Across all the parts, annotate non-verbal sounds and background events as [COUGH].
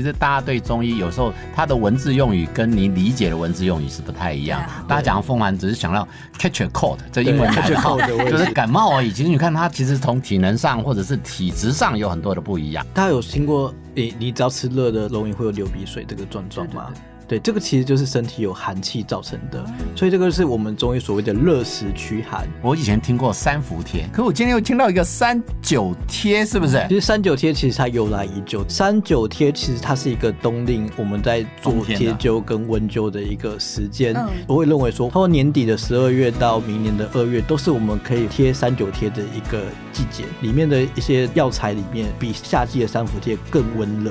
其實大家對中醫有時候他的文字用語跟你理解的文字用語是不太一樣。對大家講風寒只是想到 catch a cold，這英文 catch a cold，就是感冒而已。對其實你看他其實從體能上或者是體質上有很多的不一樣。大家有聽過對、欸、你只要吃熱的容易會有流鼻水這個狀況嗎？對對對對，這個其實就是身體有寒氣造成的，嗯、所以這個是我們中醫所謂的熱食驅寒。我以前聽過三伏貼，可是我今天又聽到一個三九貼，是不是？其實三九貼其實它由來已久，三九貼其實它是一個冬令我們在做貼灸跟溫灸的一個時間，我會認為說，他說年底的十二月到明年的二月，都是我們可以貼三九貼的一個季節。裡面的一些藥材裡面，比夏季的三伏貼更溫熱。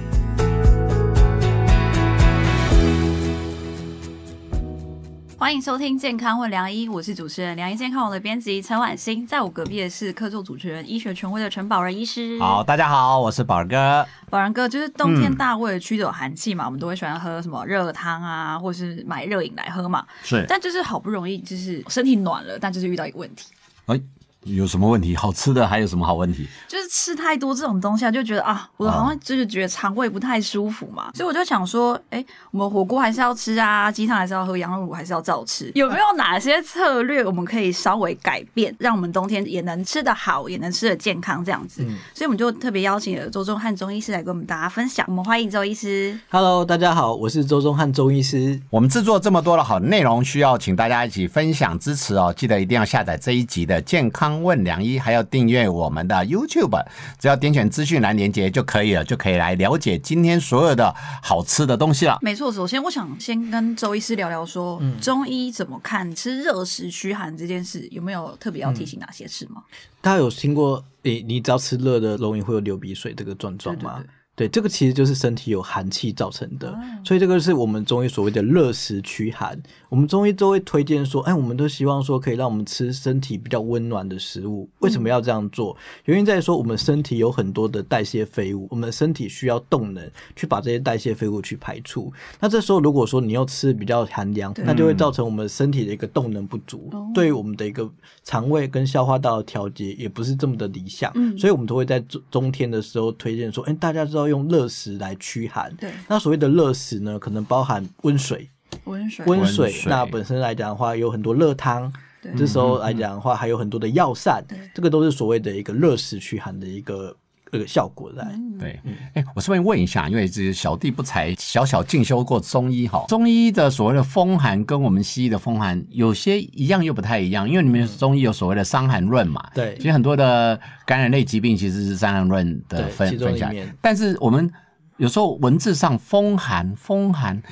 歡迎收聽《健康問良醫》，我是主持人良醫健康網的編輯陳宛欣，在我隔壁的是客座主持人，醫學權威的陳保仁醫師。好，大家好，我是保仁哥。保仁哥，就是冬天大胃驅走寒氣嘛，嗯、我們都會喜歡喝什麼熱湯啊，或是買熱飲來喝嘛。是。但就是好不容易就是身體暖了，但就是遇到一個問題。哎、欸。有什麼問題？好吃的還有什麼好問題？就是吃太多這種東西、啊，就覺得啊，我好像就是覺得腸胃不太舒服嘛，啊、所以我就想說，哎、欸，我們火鍋還是要吃啊，雞湯還是要喝，羊肉還是要照吃。有沒有哪些策略我們可以稍微改變，讓我們冬天也能吃得好，也能吃得健康這樣子？嗯、所以我們就特別邀請了周宗翰中醫師來跟我們大家分享。我們歡迎周醫師。Hello，大家好，我是周宗翰中醫師。我們製作這麼多的好內容，需要請大家一起分享支持哦。記得一定要下載這一集的健康。問良醫還要訂閱我們的 YouTube，只要點選資訊欄連接就可以了，就可以來了解今天所有的好吃的東西了。沒錯。首先我想先跟周醫師聊聊說，說、嗯、中醫怎麼看吃熱食驅寒這件事，有沒有特別要提醒哪些事嗎？嗯、大家有聽過、欸、你你只要吃熱的，容易會有流鼻水這個狀況嗎？對對對對，這個其實就是身體有寒氣造成的，嗯、所以這個是我們中醫所謂的熱食驅寒。我們中醫都會推薦說，哎，我們都希望說可以讓我們吃身體比較溫暖的食物。為什麼要這樣做？原因、嗯、於在於說我們身體有很多的代謝廢物，我們身體需要動能去把這些代謝廢物去排出。那這時候如果說你要吃比較寒涼，那就會造成我們身體的一個動能不足，嗯、對於我們的一個腸胃跟消化道的調節也不是這麼的理想。嗯、所以我們都會在冬冬天的時候推薦說，哎，大家知道。要用熱食來驅寒。對那所謂的熱食呢，可能包含溫水、溫水、溫水。那本身來講的話，有很多熱湯。對這時候來講的話，對還有很多的藥膳。對這個都是所謂的一個熱食驅寒的一個。這個效果來對，哎、欸，我順便問一下，因為這些小弟不才，小小進修過中醫哈。中醫的所謂的風寒，跟我們西醫的風寒有些一樣又不太一樣，因為你們中醫有所謂的傷寒論嘛、嗯。對，其實很多的感染類疾病其實是傷寒論的分分。但是我們有時候文字上風寒，風寒。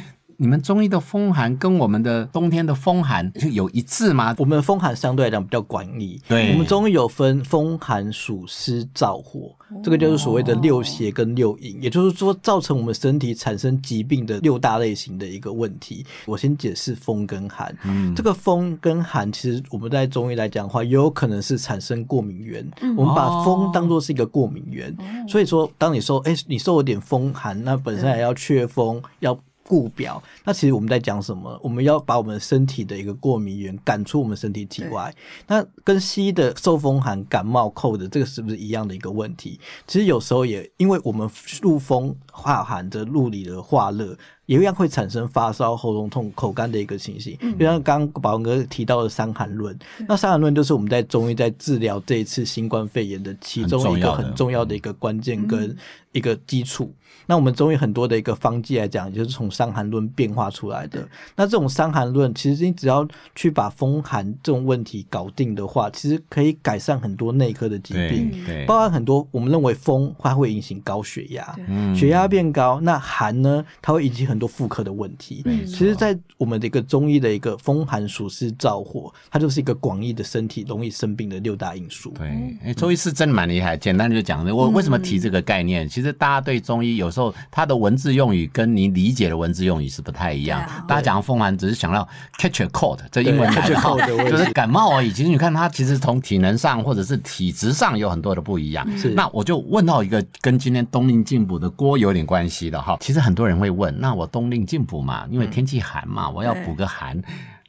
你們中醫的風寒跟我們的冬天的風寒有一致嗎？我們風寒相對來講比較廣義。對，我們中醫有分風寒、暑濕、燥火，哦、這個就是所謂的六邪跟六淫，也就是說造成我們身體產生疾病的六大類型的一個問題。我先解釋風跟寒。嗯、這個風跟寒，其實我們在中醫來講的話，有可能是產生過敏源。哦、我們把風當作是一個過敏源，哦、所以說，當你說“哎，你受了點風寒”，那本身還要祛風對要，固表，那其實我們在講什麼？我們要把我們身體的一個過敏源趕出我們身體體外。對那跟西醫的受風寒、感冒、扣的這個是不是一樣的一個問題？其實有時候也，因為我們入風化寒的，入裡的化熱。也一樣會產生發燒、喉嚨痛、口乾的一個情形。就像剛剛保仁哥提到的《傷寒論》，嗯，那《傷寒論》就是我們在中醫在治療這一次新冠肺炎的其中一個很重要的一個關鍵跟一個基礎。嗯、那我們中醫很多的一個方劑來講，就是從《傷寒論》變化出來的。嗯、那這種《傷寒論》，其實你只要去把風寒這種問題搞定的話，其實可以改善很多內科的疾病，包含很多我們認為風它會引起高血壓，對血壓變高，那寒呢，它會引起很很多婦科的問題，嗯、其實，在我們的一個中醫的一個風寒暑濕燥火，它就是一個廣義的身體容易生病的六大因素。對，中、欸、醫師是真的蠻厲害。嗯、簡單的就講，我為什麼提這個概念？嗯、其實大家對中醫有時候他的文字用語跟你理解的文字用語是不太一樣。對大家講風寒，只是想要 catch a cold，對這英文感冒，就是感冒而已。 [LAUGHS] 其實你看，他其實從體能上或者是體質上有很多的不一樣。是，那我就問到一個跟今天冬令進補的鍋有點關係的哈。其實很多人會問，那我。冬令進補嘛，因為天氣寒嘛，嗯、我要補個寒。嗯、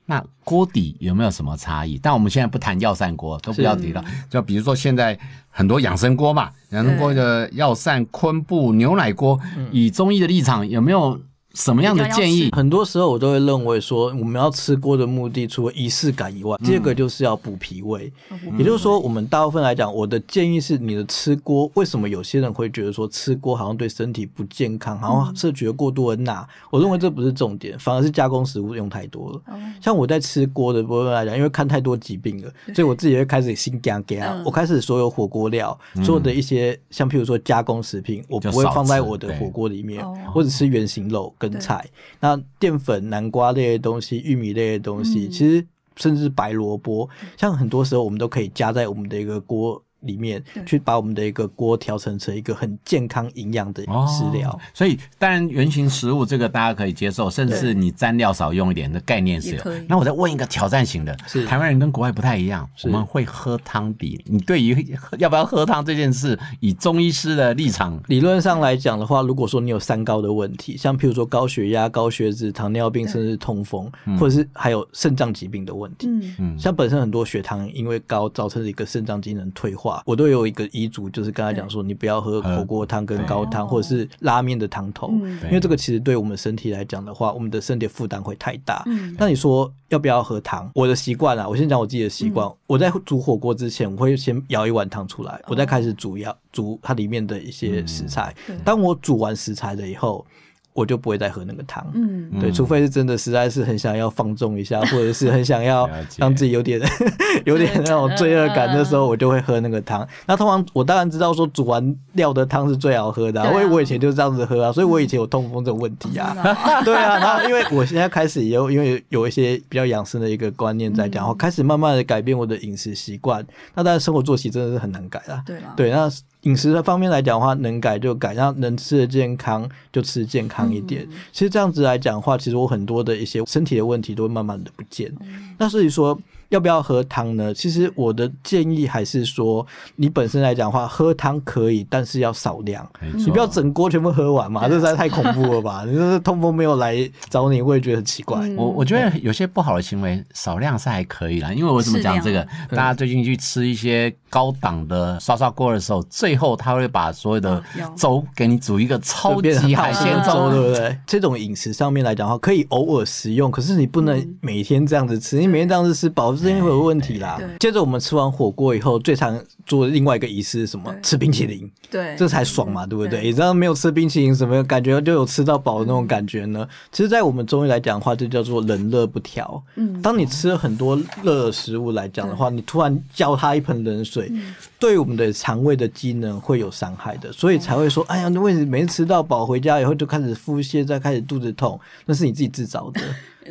那鍋底有沒有什麼差異？但我們現在不談藥膳鍋，都不要提了。是就比如說現在很多養生鍋嘛，養生鍋的藥膳、昆布、牛奶鍋，嗯、以中醫的立場有沒有？什麼樣的建議？很多時候我都會認為說，我們要吃鍋的目的，除了儀式感以外，這個就是要補脾胃。也就是說，我們大部分來講，我的建議是你的吃鍋。為什麼有些人會覺得說吃鍋好像對身體不健康，好像攝取了過度的鈉？我認為這不是重點，反而是加工食物用太多了。像我在吃鍋的部分來講，因為看太多疾病了，所以我自己會開始心驚驚。我開始所有火鍋料做的一些，像譬如說加工食品，我不會放在我的火鍋裡面，或者吃原型肉跟菜，對那澱粉、南瓜類的東西、玉米類的東西，嗯、其實甚至白蘿蔔，像很多時候我們都可以加在我們的一個鍋。裡面去把我們的一個鍋調成成一個很健康營養的食療、哦，所以當然原型食物這個大家可以接受，甚至你蘸料少用一點的概念是有。那我再問一個挑戰型的，是台灣人跟國外不太一樣，是我們會喝湯底。你對於要不要喝湯這件事，以中醫師的立場，理論上來講的話，如果說你有三高的問題，像譬如說高血壓、高血脂、糖尿病，甚至痛風，嗯、或者是還有腎臟疾病的問題，嗯、像本身很多血糖因為高造成一個腎臟機能退化。我都有一個醫囑，就是跟他講說，你不要喝火鍋湯跟高湯，或者是拉面的湯頭，因為這個其實對我們身體來講的話，我們的身體負擔會太大。那你說要不要喝湯？我的習慣啊，我先講我自己的習慣，我在煮火鍋之前，我會先舀一碗湯出來，我再開始煮煮它裡面的一些食材。當我煮完食材了以後。我就不會再喝那個湯，嗯，對，除非是真的實在是很想要放縱一下，嗯、或者是很想要讓自己有點解 [LAUGHS] 有點那種罪惡感的時候，我就會喝那個湯。嗯、那通常我當然知道說煮完料的湯是最好喝的，啊，因為，啊、我以前就是這樣子喝啊，嗯、所以我以前有痛風這個問題啊，嗯哦、啊 [LAUGHS] 對啊。那，啊、因為我現在開始也有因為有一些比較養生的一個觀念在講，然後、嗯、開始慢慢的改變我的飲食習慣。那當然生活作息真的是很難改啊，對啊啦，對，那飲食的方面來講的話，能改就改，然後能吃的健康就吃的健康一點。嗯、其實這樣子來講的話，其實我很多的一些身體的問題都會慢慢的不見。嗯、那所以說，要不要喝湯呢？其實我的建議還是說，你本身來講的話，喝湯可以，但是要少量，錯你不要整鍋全部喝完嘛，對這實在太恐怖了吧？ [LAUGHS] 你這是痛風沒有來找你，我也覺得很奇怪。我我覺得有些不好的行為，對少量是還可以啦，因為我怎麼講這個？這大家最近去吃一些高檔的涮涮鍋的時候，最後他會把所有的粥給你煮一個超級海鮮粥，對不對？ [LAUGHS] 這種飲食上面來講的話，可以偶爾食用，可是你不能每天這樣子吃，嗯、你每天這樣子吃對保。是因為有問題啦。接着我們吃完火鍋以後，最常做另外一個儀式是什麼？吃冰淇淋。對，這才爽嘛，對不對？你知道沒有吃冰淇淋，什麼感覺就有吃到飽的那種感覺呢？其實，在我們中醫來講的話，就叫做冷熱不調。嗯，當你吃了很多熱的食物來講的話，你突然澆它一盆冷水，對我們的腸胃的機能會有傷害的。所以才會說，哎呀，那為什麼沒吃到飽，回家以後就開始腹瀉，再開始肚子痛？那是你自己制造的。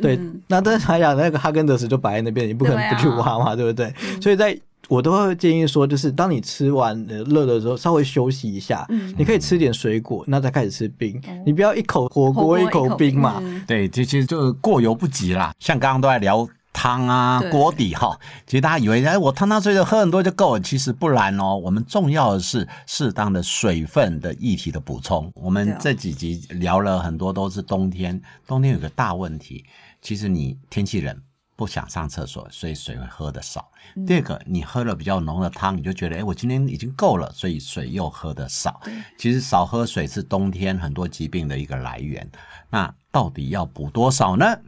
[NOISE] 對，那但是還講那個哈根達斯就擺在那邊，你不可能不去挖嘛，對，啊，對不對？ [NOISE] 所以在我都會建議說，就是當你吃完熱的時候，稍微休息一下，嗯、你可以吃點水果，那再開始吃冰。嗯、你不要一口火鍋一口冰嘛，冰嗯、對，其實就是過猶不及啦。像剛剛都在聊湯啊鍋對底哈，其實大家以為哎我湯湯水水喝很多就夠了，其實不然哦。我們重要的是適當的水分的液體的補充。我們這幾集聊了很多都是冬天，冬天有個大問題。其實你天氣冷，不想上廁所，所以水會喝得少。第二個，你喝了比較濃的湯，你就覺得，誒，我今天已經夠了，所以水又喝得少。其實少喝水是冬天很多疾病的一個來源。那到底要補多少呢？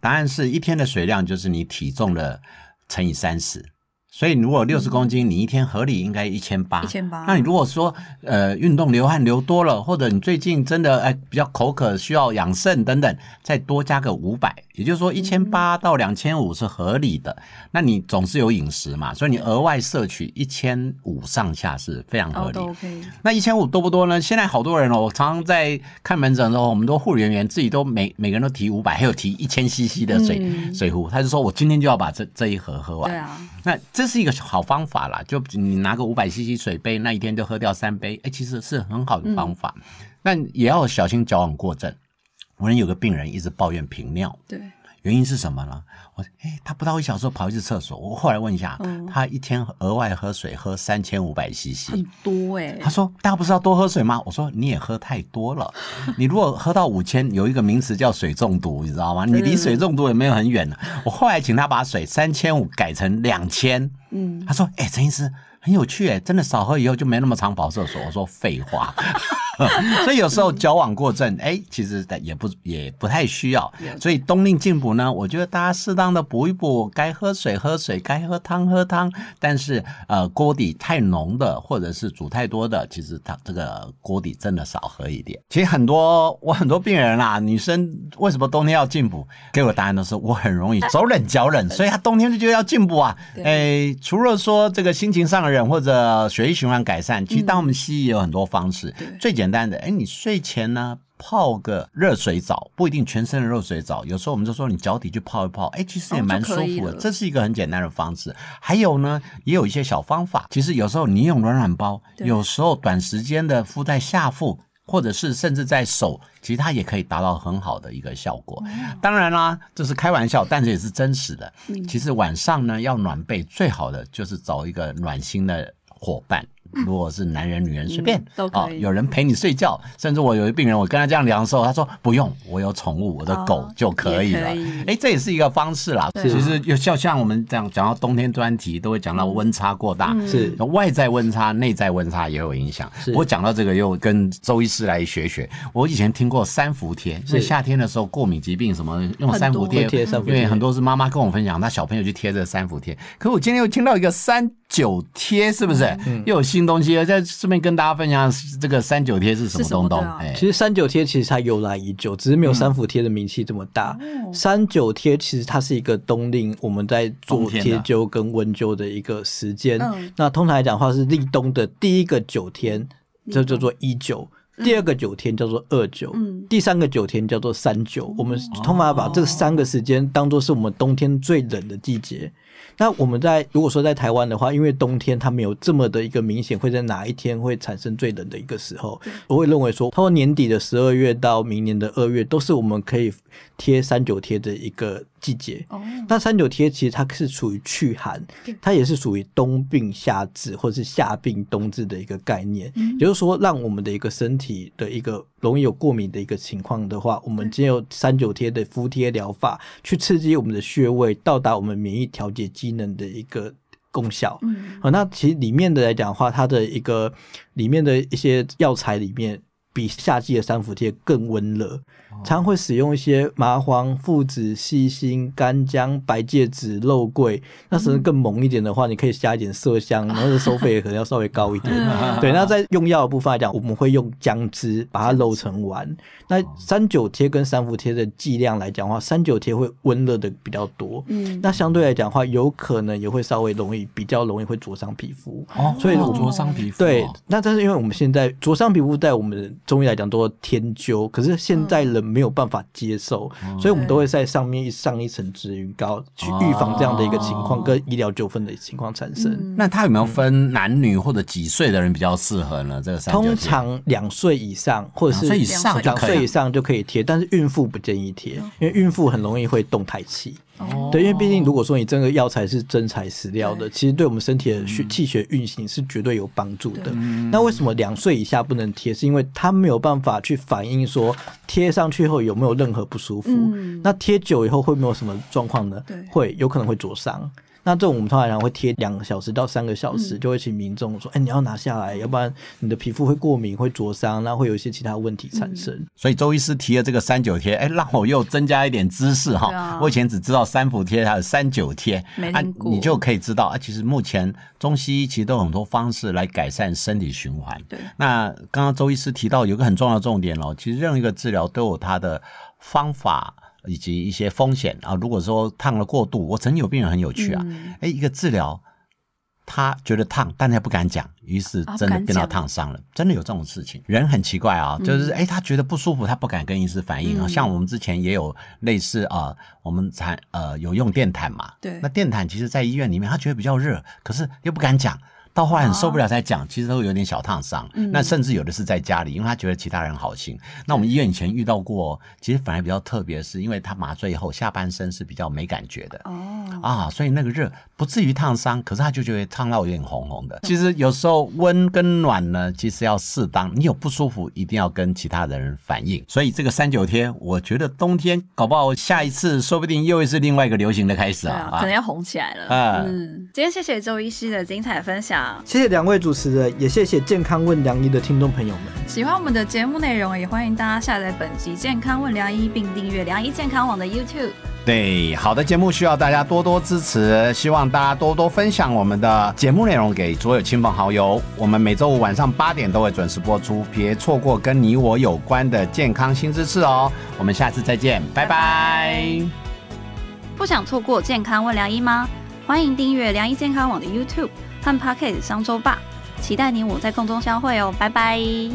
答案是一天的水量就是你體重的乘以三十。所以你如果六十公斤，嗯、你一天合理應該一千八。一千八。那你如果說呃運動流汗流多了，或者你最近真的哎、呃、比較口渴，需要養腎等等，再多加個五百，也就是說一千八到兩千五是合理的。嗯、那你總是有飲食嘛，所以你額外攝取一千五上下是非常合理。哦、那一千五多不多呢？現在好多人哦，我常常在看門診的時候，我們都護理人員、員自己都每每個人都提五百，還有提一千 cc 的水、嗯、水壺，他就說我今天就要把這這一盒喝完。對啊、嗯。那這。這是一個好方法啦，就你拿個五百 CC 水杯，那一天就喝掉三杯，哎、欸，其實是很好的方法，嗯、但也要小心矯枉過正。我人有個病人一直抱怨頻尿。對。原因是什麼呢？我說哎、欸，他不到一小時跑一次廁所。我後來問一下，嗯、他一天額外喝水喝三千五百 CC，很多哎、欸。他說，大家不是要多喝水嗎？我說你也喝太多了。 [LAUGHS] 你如果喝到五千，有一個名詞叫水中毒，你知道嗎？是你離水中毒也沒有很遠了。我後來請他把水三千五改成兩千。嗯，他說，哎、欸，陳醫師很有趣哎，真的少喝以後就沒那麼常跑廁所。我說廢話。 [LAUGHS] [LAUGHS] 呵，所以有時候矯枉過正，哎、欸，其實也不也不太需要。所以冬令進補呢，我覺得大家適當的補一補，該喝水喝水，該喝湯喝湯。但是呃，鍋底太濃的，或者是煮太多的，其實它這個鍋底真的少喝一點。其實很多我很多病人啦、啊，女生為什麼冬天要進補？給我答案都是我很容易手冷腳冷，所以她冬天就就要進補啊。哎、欸，除了說這個心情上的人，或者血液循環改善，其實當我們西醫有很多方式，嗯、最簡。簡單的，哎，你睡前呢泡個熱水澡，不一定全身的熱水澡，有時候我們就說你腳底去泡一泡，哎，其實也蠻舒服的，哦、這是一個很簡單的方式。還有呢，也有一些小方法，其實有時候你用暖暖包，嗯、有時候短時間的敷在下腹，對或者是甚至在手，其實它也可以達到很好的一個效果。哦、當然啦，這、就是開玩笑，但是也是真實的。嗯、其實晚上呢要暖背，最好的就是找一個暖心的夥伴。如果是男人、女人隨便都可以，有人陪你睡覺，甚至我有一病人，我跟他這樣聊的時候，他說不用，我有寵物，我的狗就可以了。哎，這也是一個方式啦。其實就像像我們這樣講到冬天專題，都會講到溫差過大，是外在溫差、內在溫差也有影響。我講到這個又跟周醫師來學學。我以前聽過三伏貼，是夏天的時候過敏疾病什麼用三伏貼，因為很多是媽媽跟我分享，她小朋友去貼這三伏貼。可我今天又聽到一個三九貼，是不是？又有新東西，再順便跟大家分享這個三九貼是什麼東東。嘿其實三九貼其實它由來已久，只是沒有三伏貼的名氣這麼大。嗯、三九貼其實它是一個冬令，我們在做貼灸跟溫灸的一個時間。那通常來講的話是立冬的第一個九天，嗯、這叫做一九。第二個九天叫做二九，嗯，第三個九天叫做三九，嗯。我們通常把這三個時間當作是我們冬天最冷的季節。哦、那我們在如果說在台灣的話，因為冬天它沒有這麼的一個明顯，會在哪一天會產生最冷的一個時候？嗯、我會認為說，過年底的十二月到明年的二月，都是我們可以貼三九貼的一個。季節哦，那三九貼其實它是屬於祛寒，它也是屬於冬病夏治或者是夏病冬治的一個概念，嗯、也就是說，讓我們的一個身體的一個容易有過敏的一個情況的話，我們只有三九貼的敷貼療法去刺激我們的穴位，到達我們免疫調節機能的一個功效。嗯好，那其實裡面的來講的話，它的一個裡面的一些藥材裡面。比夏季的三伏貼更溫熱，哦、常會使用一些麻黃、附子、細辛、乾薑、白芥子、肉桂。那甚至更猛一點的話，你可以加一點麝香，然後、嗯、收費也可能要稍微高一點。 [LAUGHS] 對，那在用藥的部分來講，我們會用薑汁把它揉成丸。那三九貼跟三伏貼的劑量來講的話，三九貼會溫熱的比較多。嗯，那相對來講的話，有可能也會稍微容易比較容易會灼傷皮膚。哦，所以灼傷皮膚。哦、對，那這是因為我們現在灼傷皮膚在我們。中醫來講，都說天灸，可是現在人沒有辦法接受，嗯、所以我們都會在上面上一層止癢膏，對去預防這樣的一個情況、哦、跟醫療糾紛的情況產生。嗯、那它有沒有分男女或者幾歲的人比較適合呢？嗯、這個三九天，通常兩歲以上或者是兩歲以上就可以貼，以但是孕婦不建議貼，哦、因為孕婦很容易會動胎氣。.對，因為畢竟如果說你這個藥材是真材實料的，對其實對我們身體的血、嗯、氣血運行是絕對有幫助的。對那為什麼兩歲以下不能貼？是因為它沒有辦法去反映說貼上去後有沒有任何不舒服。嗯、那貼久以後會沒有什麼狀況呢？對會有可能會灼傷。那這種我們通常會貼兩個小時到三個小時，就會請民眾說：“哎、嗯欸，你要拿下來，要不然你的皮膚會過敏、會灼傷，那會有一些其他問題產生。”所以周醫師提的這個三九貼，哎、欸，讓我又增加一點知識哈。嗯、吼我以前只知道三伏貼還有三九貼，沒聽過。你就可以知道，啊，其實目前中西醫其實都有很多方式來改善身體循環。對。那剛剛周醫師提到有個很重要的重點哦，其實任何一個治療都有它的方法。以及一些風險啊，如果說燙了過度，我曾經有病人很有趣啊，哎、嗯，一個治療，他覺得燙，但他不敢講，於是真的變到燙傷了，啊、真的有這種事情，人很奇怪啊，嗯、就是哎，他覺得不舒服，他不敢跟醫師反映啊，嗯、像我們之前也有類似啊、呃，我們才呃有用電毯嘛，對，那電毯其實，在醫院裡面他覺得比較熱，可是又不敢講。到後來很受不了才講，哦、其實都有點小燙傷。嗯、那甚至有的是在家裡，因為他覺得其他人好心。嗯、那我們醫院以前遇到過，其實反而比較特別，是因為他麻醉以後下半身是比較沒感覺的。哦啊，所以那個熱不至於燙傷，可是他就覺得燙到有點紅紅的。嗯、其實有時候溫跟暖呢，其實要適當。你有不舒服，一定要跟其他的人反應。所以這個三九天，我覺得冬天搞不好下一次說不定又會是另外一個流行的開始啊！這樣、啊可能要紅起來了。嗯，嗯今天謝謝周醫師的精彩的分享。謝謝兩位主持人，也謝謝健康問良醫的聽眾朋友們。喜歡我們的節目內容，也歡迎大家下載本集《健康問良醫》，並訂閱良醫健康網的 YouTube。對，好的節目需要大家多多支持，希望大家多多分享我們的節目內容給所有親朋好友。我們每週五晚上八點都會準時播出，別錯過跟你我有關的健康新知識哦。我們下次再見，拜拜。不想錯過《健康問良醫》嗎？歡迎訂閱良醫健康網的 YouTube。和 Podcast 商周吧，期待你我在空中相會哦、喔，拜拜。